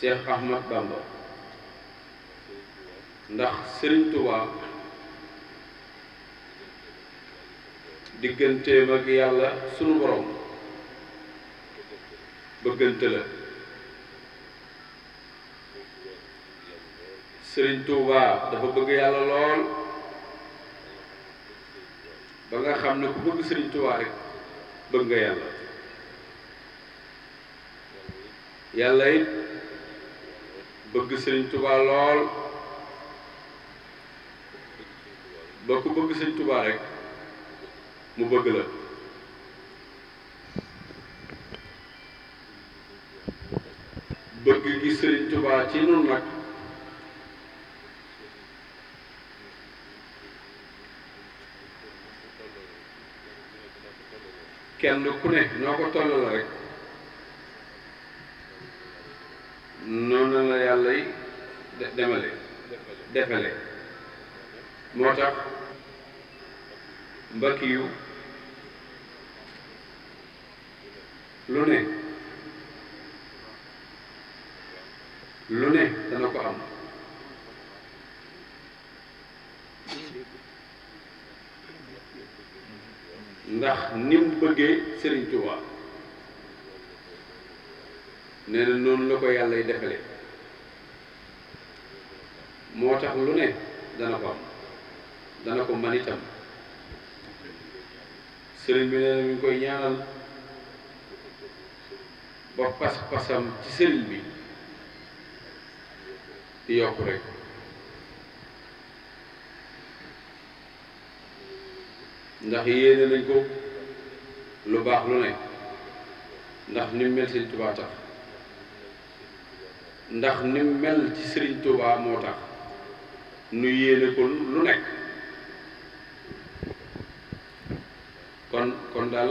Cheikh Ahmad Bamba ndax Serigne Touba digganteem ak yàlla sunu borom bëggante la Serigne dafa bëgg yàlla lool ba nga xam ne ku bëgg Serigne Touba rek bëgg nga yàlla yàlla it. bëgg sëriñ tubaa lool ba ku bëgg sëriñ tubaa rek mu bëgg la bëgg gi sëriñ tubaa ci nun nag kenn ku ne noo ko toll rek demale defale moo tax mbëkk yu lu ne lu ne dana ko am ndax ni mu bëggee Serigne Touba nee noonu la ko yàlla y defale moo tax lu ne dana ko am dana ko man itam sëriñ bi nee na mi ngi koy ñaanal ba pas-pasam ci sëriñ bi di yokk rek ndax yéene lañ ko lu baax lu ne ndax ni mu mel sëriñ Tuubaa ndax ni mel ci sëriñ Tuubaa moo tax nu yéene ko lu nekk kon kon daal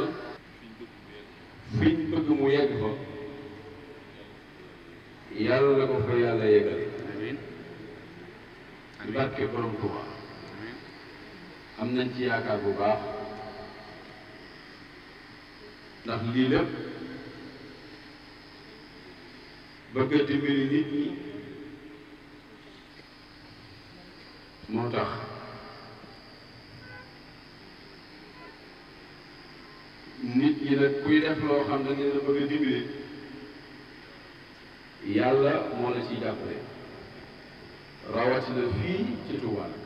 fiñ bëgg mu yegg fa yàlla na ko fa yàlla yeggale ci barke borom Tuuba am nañ ci yaakaar bu baax ndax lii lépp bëggati mbiri nit ñi moo tax nit ñi nag kuy def loo xam ne dina bëgg a dimbali yàlla moo la ciy jàppale rawatina fii ci Tuubaa nag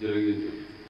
jërë ngeen